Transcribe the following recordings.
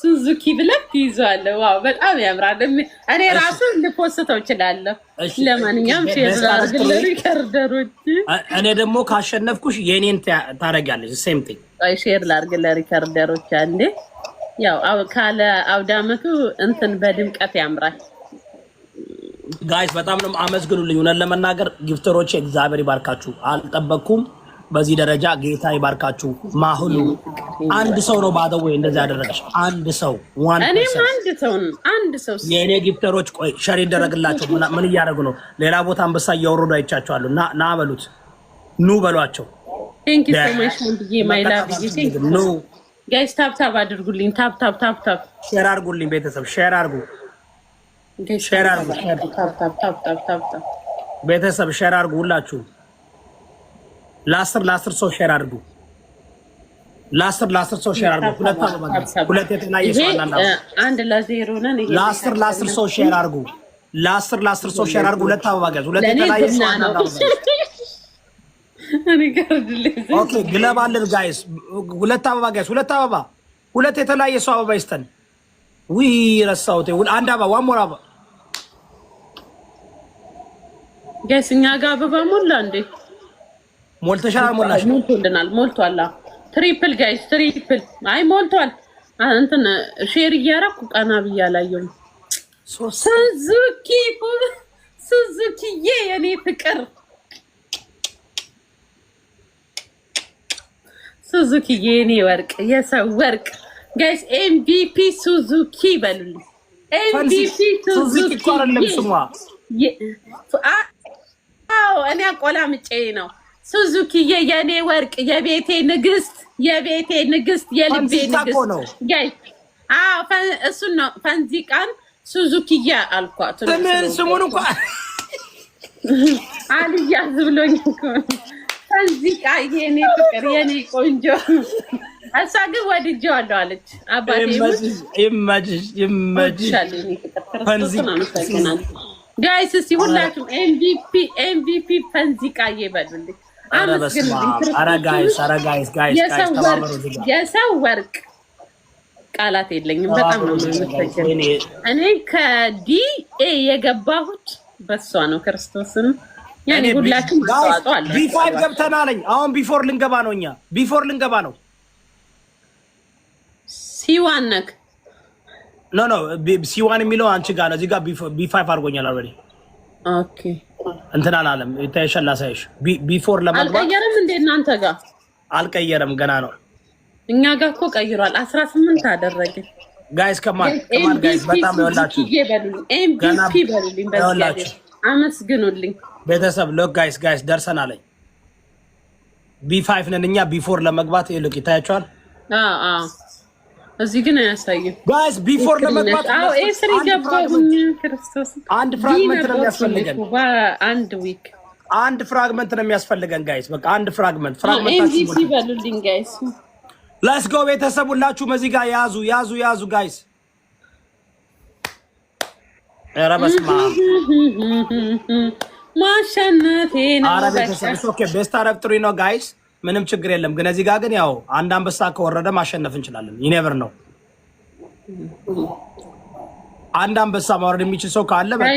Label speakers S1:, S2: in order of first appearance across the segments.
S1: ሱዙኪ ብለህ ትይዘዋለህ። ዋው በጣም ያምራል። እኔ ራሱ ልፖስተው እችላለሁ። ለማንኛውም ሪከርደሮች
S2: እኔ ደግሞ ካሸነፍኩሽ የእኔን ታደርጊያለሽ። ሴም ቲንግ
S1: ሼር ላድርግ ለሪከርደሮች አንዴ። ያው ካለ አውዳመቱ እንትን በድምቀት ያምራል።
S2: ጋይስ በጣም ነው አመስግኑልኝ። እውነት ለመናገር ጊፍተሮች እግዚአብሔር ይባርካችሁ። አልጠበቅኩም በዚህ ደረጃ ጌታ ይባርካችሁ። ማሁሉ አንድ ሰው ነው ባደው ወይ እንደዚህ ያደረገሽ አንድ ሰው ዋን
S1: እኔም አንድ ሰው አንድ ሰው
S2: የእኔ ጊፍተሮች ቆይ ሸር ይደረግላቸው ምን እያደረጉ ነው ሌላ ቦታ አንበሳ እያወረዱ አይቻቸዋለሁ ና ና በሉት ኑ በሏቸው
S1: ቴንክ ዩ ሶ ማች ወንድዬ ማይ ላቭ ዩ ቴንክ ኑ ጋይስ ታፕ ታፕ አድርጉልኝ ታፕ ታፕ ታፕ ታፕ
S2: ሼር አድርጉልኝ ቤተሰብ ሼር አድርጉ ሼር አድርጉ ታፕ ታፕ ቤተሰብ ሼር አድርጉ ሁላችሁ ለአስር ለአስር ሰው ሼር አድርጉ ለአስር ለአስር ሰው ሼር አርጉ። ሁለት አበባ ሁለት የተለያየ ሰው አናና
S1: አንድ ለዜሮ ነን። ይሄ
S2: ለአስር ለአስር ሰው ሼር አርጉ። ለአስር ለአስር ሰው ሼር አርጉ። ሁለት አበባ ጋዝ ሁለት የተለያየ ሰው አናና ኦኬ፣ ግለብ አለን ጋይስ። ሁለት አበባ ጋይስ፣ ሁለት አበባ ሁለት የተለያየ ሰው አበባ ይስተን። ዊ ረሳሁት። አንድ አበባ ዋን ሞር አበባ
S1: ጋይስ። እኛ ጋር አበባ ሞላ እንዴ?
S2: ሞልተሻል? ሞላሽ?
S1: ሞልቶልናል። ሞልቷል። ትሪፕል ጋይስ ትሪፕል። አይ ሞልቷል። እንትን ሼር እያደረኩ ቀና ብዬ አላየሁም። ሱዙኪ ሱዙኪዬ የኔ ፍቅር ሱዙኪዬ የኔ ወርቅ የሰው ወርቅ ጋይስ ኤምቪፒ ሱዙኪ በሉልኝ። ኤምቪፒ ሱዙኪ እኮ
S2: አይደለም ስሟ።
S1: አዎ እኔ አቆላምጬ ነው ሱዙኪዬ የኔ ወርቅ የቤቴ ንግስት የቤቴ ንግስት የልቤ ንግስት እሱን ነው። ፈንዚቃን ሱዙኪዬ አልኳት።
S2: ስምን ስሙን እንኳ
S1: አልያዝ ብሎኝ ፈንዚቃ የኔ ፍቅር የኔ ቆንጆ እሷ ግን ወድጄዋለሁ አለች። አባቴ ጋይስ፣ እስኪ ሁላችሁም ኤምቪፒ ኤምቪፒ ፈንዚቃ እየበሉልኝ የሰው ወርቅ ቃላት የለኝም። በጣም ነው የምትፈጀው። እኔ ከዲኤ የገባሁት በሷ ነው። ክርስቶስን ያኔ ሁላችን
S2: ተዋጧል። ቢፋይቭ ገብተናለኝ። አሁን ቢፎር ልንገባ ነው። እኛ ቢፎር ልንገባ ነው።
S1: ሲዋን ነክ
S2: ኖ ኖ ሲዋን የሚለው አንቺ ጋር ነው። እዚህ ጋር ቢፋይቭ አድርጎኛል አልሬዲ እንትን አላለም። ይታይሻል፣ ላሳይሽ። ቢፎር ለመግባት
S1: አልቀየረም እንዴ እናንተ ጋር
S2: አልቀየረም፣ ገና ነው።
S1: እኛ ጋር እኮ ቀይሯል። አስራ ስምንት አደረግን
S2: ጋይስ። ከማል ከማል ጋይስ፣ በጣም
S1: ይወላችሁ። ኤምቢፒ በሉልኝ፣ በዚህ አመስግኑልኝ
S2: ቤተሰብ። ሎክ ጋይስ፣ ጋይስ ደርሰናል። ቢ ፋይፍ ነን እኛ ቢፎር ለመግባት ይልቅ ይታያቸዋል።
S1: እዚህ ግን አያሳይም።
S2: ጋይስ ቢፎር ለመግባት
S1: ስሪ ገባሁኝ። ክርስቶስ
S2: አንድ ፍራግመንት ነው
S1: የሚያስፈልገን። አንድ ዊክ
S2: አንድ ፍራግመንት ነው የሚያስፈልገን ጋይስ። በቃ አንድ ፍራግመንት
S1: ፍራግመንት በሉልኝ ጋይስ።
S2: ሌትስ ጎ ቤተሰብ፣ ሁላችሁም እዚህ ጋር ያዙ ያዙ ያዙ ጋይስ። ኧረ በስመ አብ
S1: ማሸነፌ ነው።
S2: ኧረ ቤተሰብ ቤስት አረብ ጥሪ ነው ጋይስ ምንም ችግር የለም። ግን እዚህ ጋር ግን ያው አንድ አንበሳ ከወረደ ማሸነፍ እንችላለን። ይኔቨር ነው። አንድ አንበሳ ማውረድ የሚችል ሰው ካለ በቃ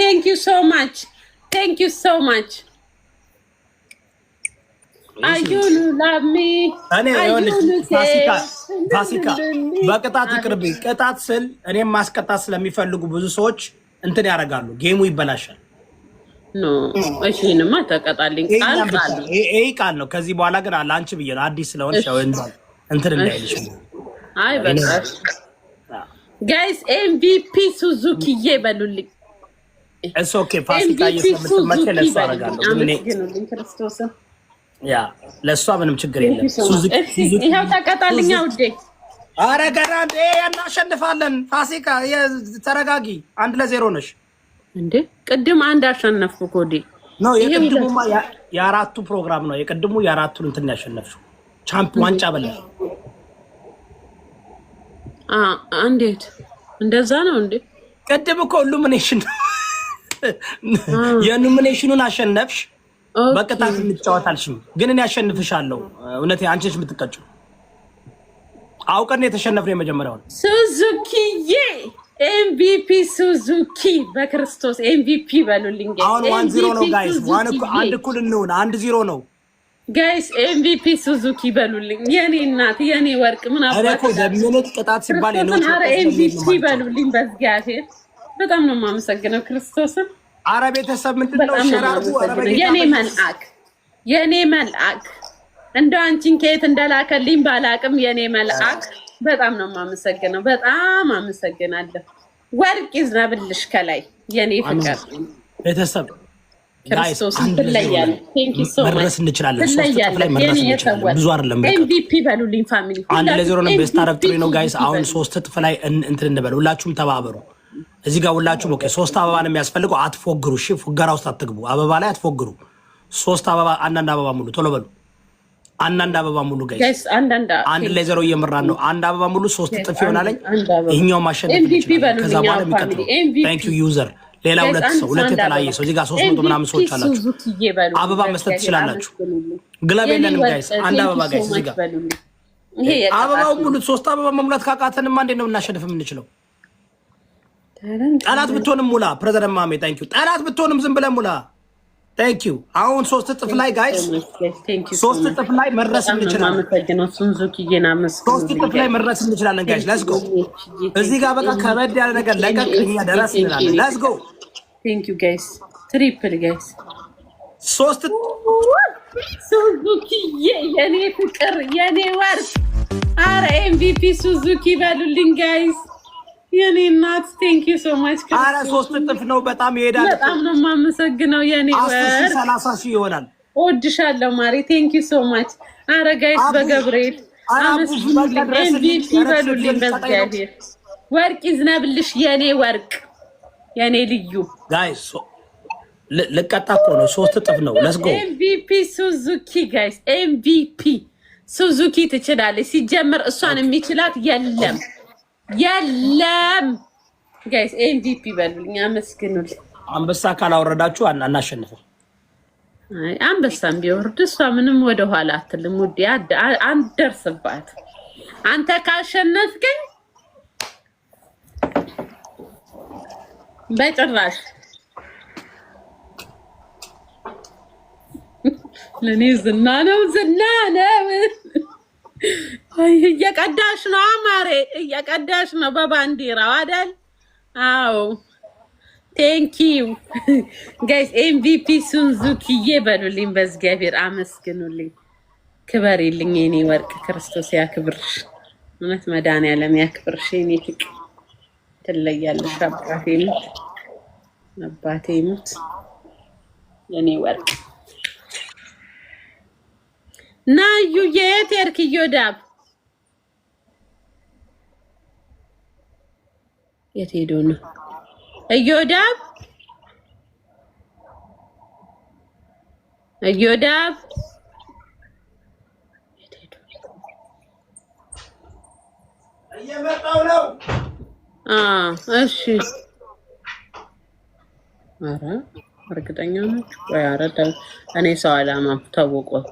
S1: ቴንክ ዩ ሶ ማች ቴንክ ዩ ሶ ማች
S2: ፋሲካ በቅጣት ይቅርብኝ። ቅጣት ስል እኔም ማስቀጣት ስለሚፈልጉ ብዙ ሰዎች እንትን ያደርጋሉ፣ ጌሙ ይበላሻል።
S1: እሺንማ ተቀጣልኝ
S2: ይህ ቃል ነው። ከዚህ በኋላ ግን ለአንቺ ብዬ ነው አዲስ ስለሆን እንትን እንዳይልሽ።
S1: አይ በቃ ጋይስ ኤምቪፒ ሱዙኪዬ በሉልኝ።
S2: እስ ኦኬ ፋሲካ ለሱ ያ ለእሷ ምንም ችግር የለም።
S1: ይኸው ተቀጣልኛ ውዴ
S2: አረ ገራም እናሸንፋለን። ፋሲካ ተረጋጊ። አንድ ለዜሮ ነሽ
S1: እንዴ? ቅድም አንድ አሸነፍኩ ኮዲ
S2: ነው። የቅድሙማ የአራቱ ፕሮግራም ነው። የቅድሙ የአራቱን እንትን ያሸነፍሽው ቻምፕ ዋንጫ በለ
S1: እንዴት እንደዛ ነው እንዴ?
S2: ቅድም እኮ ሉሚኔሽን የሉሚኔሽኑን አሸነፍሽ። በቅጣት እንጫወታልሽም ግን እኔ ያሸንፍሻለሁ። እውነት አንቺ ነሽ የምትቀጭው አውቀን የተሸነፍነው የመጀመሪያውን
S1: ሱዙኪዬ ኤምቪፒ ሱዙኪ በክርስቶስ ኤምቪፒ በሉልኝ። አሁን
S2: ዋን ዚሮ ነው ጋይስ፣ ዋን አንድ እኩል እንሁን። አንድ ዚሮ ነው
S1: ጋይስ። ኤምቪፒ ሱዙኪ በሉልኝ። የኔ እናት የኔ ወርቅ
S2: ምን አባዘምነት ቅጣት ሲባል
S1: ኤምቪፒ በሉልኝ። በእግዚአብሔር በጣም ነው የማመሰግነው ክርስቶስን።
S2: አረ ቤተሰብ ምንድን ነው?
S1: የኔ መልአክ የኔ መልአክ እንደ አንቺን ከየት እንደላከልኝ ባላቅም የኔ መልአክ በጣም ነው የማመሰግነው። በጣም አመሰግናለሁ። ወርቅ ይዝነብልሽ ከላይ የኔ ፍቅር
S2: ቤተሰብ ክርስቶስ አሁን ሶስት ላይ እንትን እንበል። ሁላችሁም ተባበሩ። እዚህ ጋር ሁላችሁም ኦኬ። ሶስት አበባ ነው የሚያስፈልገው። አትፎግሩ። ውስጥ አትግቡ። አበባ ላይ አትፎግሩ። ሶስት አበባ፣ አንዳንድ አበባ ሙሉ። ቶሎ በሉ አንዳንድ አበባ ሙሉ ጋይስ አንድ ላይ ዘሮ እየመራን ነው። አንድ አበባ ሙሉ ሶስት ጥፍ ይሆናለኝ። ይህኛው ማሸነፍ ከዛ በኋላ የሚቀጥለው ዩዘር ሌላ ሁለት ሰው ሁለት የተለያየ ሰው እዚህ ጋር ሶስት መቶ ምናምን ሰዎች አላችሁ። አበባ መስጠት ትችላላችሁ። ግላብ የለንም ጋይስ። አንድ አበባ ጋይስ እዚህ ጋር አበባው ሙሉ ሶስት አበባ መሙላት ካቃተንማ እንዴት ነው እናሸንፍ የምንችለው? ጠላት ብትሆንም ሙላ ፕሬዚደንት ማሜ ታንክ ጠላት ብትሆንም ዝም ብለን ሙላ ቴንክ ዩ አሁን ሶስት እጥፍ ላይ ጋይስ ሶስት እጥፍ ላይ መድረስ እንችላለን። ሶስት እጥፍ ላይ መድረስ እንችላለን ጋይስ ሌትስ ጎ። እዚህ ጋር በቃ ከበድ ያለ ነገር ለቀቅ እኛ ደረስ እንላለን። ሌትስ ጎ
S1: ቴንክ ዩ ጋይስ ትሪፕል ጋይስ ሶስት ሱዙኪዬ የኔ ፍቅር የኔ ወርቅ አረ ኤምቪፒ ሱዙኪ በሉልኝ ጋይስ የኔ እናት ቴንክ ዩ ሶ ማች።
S2: ኧረ ሶስት እጥፍ ነው። በጣም ይሄዳል።
S1: በጣም ነው የማመሰግነው የኔ ወር
S2: ሰላሳ ሺህ ይሆናል።
S1: እወድሻለሁ ማሪ። ቴንክ ዩ ሶ ማች። ኧረ ጋይስ በገብርኤል አመስግኑልኝ፣ ኤምቪፒ በሉልኝ። በእግዚአብሔር ወርቅ ይዝነብልሽ የኔ ወርቅ የኔ ልዩ
S2: ጋይስ። ልቀጣ እኮ ነው። ሶስት እጥፍ ነው። ሌትስ ጎ
S1: ኤምቪፒ ሱዙኪ ጋይስ፣ ኤምቪፒ ሱዙኪ ትችላለች። ሲጀመር እሷን የሚችላት የለም። የለም ጋይስ፣ ኤምቪፒ በሉልኝ፣ አመስግኑልኝ።
S2: አንበሳ ካላወረዳችሁ አናሸንፈው።
S1: አንበሳም ቢወርድ እሷ ምንም ወደኋላ አትልም ውዴ፣ አንደርስባት። አንተ ካሸነፍከኝ በጭራሽ ለእኔ ዝና ነው ዝና ነው። እየቀዳሽ ነው አማሬ፣ እየቀዳሽ ነው በባንዲራው አይደል? አዎ ቴንኪው ጋይስ። ኤምቪፒ ሱንዙኪዬ በሉልኝ፣ በእግዚአብሔር አመስግኑልኝ፣ ክበሪልኝ የኔ ወርቅ። ክርስቶስ ያክብርሽ፣ እውነት መድኃኒዓለም ያክብርሽ። የኔ ፍቅ ትለያለሽ። አባቴ ሙት፣ አባቴ ሙት፣ የኔ ወርቅ። ናዩዬ ቴርክዮ ዳብ የት ሄዶ ነው? እዮዳብ እዮዳብ
S2: እየመጣሁ ነው።
S1: እሺ። ኧረ እርግጠኛ ናችሁ? ኧረ እኔ ሰው አላማ ታወቀው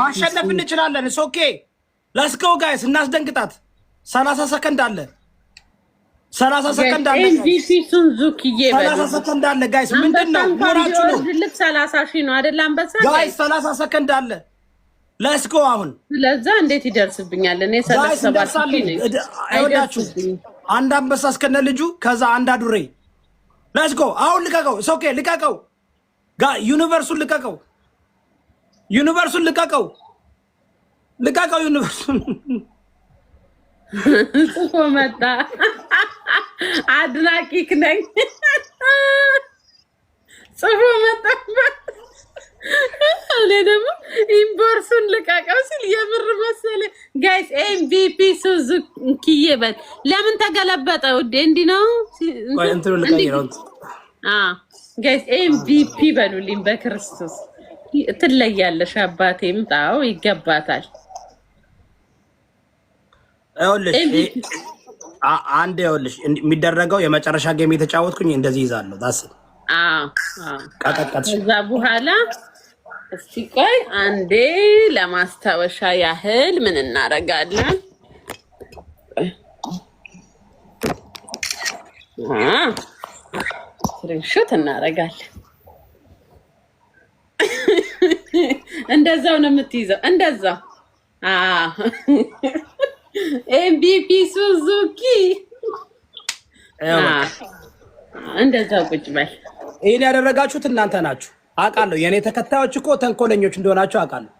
S2: ማሸነፍ እንችላለን። ኦኬ ለስኮ ጋይስ እናስደንግጣት። ሰላሳ ሰከንድ አለ። ሰላሳ ሰከንድ አለ። ሰላሳ ሰከንድ አለ። ጋይስ ምንድን ነው ሞራችሁ ነው?
S1: ሰላሳ ሺህ ነው አይደል? አንበሳ
S2: ጋይስ ሰላሳ ሰከንድ አለ። ለስኮ አሁን
S1: ለዛ እንዴት ይደርስብኛል? እኔ ሰላሳ ሰባት
S2: ሺህ አይወዳችሁ። አንድ አንበሳ እስከነ ልጁ ከዛ አንድ አዱሬ ለስኮ አሁን ልቀቀው። ኦኬ ልቀቀው። ጋ ዩኒቨርሱን ልቀቀው። ዩኒቨርሱን ልቀቀው፣ ልቀቀው። ዩኒቨርሱን
S1: ጽፎ መጣ። አድናቂክ ነኝ ጽፎ መጣ። እኔ ደግሞ ኢምቦርሱን ልቀቀው ሲል የምር መሰለ። ጋይስ ኤምቪፒ ሱዙኪዬ በት ለምን ተገለበጠ? ውዴ እንዲህ ነው። ጋይስ ኤምቪፒ በሉልኝ በክርስቶስ ትለያለሽ። አባቴ ጣው ይገባታል።
S2: ይኸውልሽ አንድ ይኸውልሽ የሚደረገው የመጨረሻ ጌም የተጫወትኩኝ እንደዚህ ይዛለሁ። ዳስ ከዛ
S1: በኋላ እስቲ ቆይ አንዴ ለማስታወሻ ያህል ምን እናደርጋለን? ስክሪንሾት እናደርጋለን። እንደዛው ነው የምትይዘው። እንደዛው ኤምቢፒ ሱዙኪ እንደዛው ቁጭ በል።
S2: ይህን ያደረጋችሁት እናንተ ናችሁ አውቃለሁ። የእኔ ተከታዮች እኮ ተንኮለኞች እንደሆናችሁ አውቃለሁ።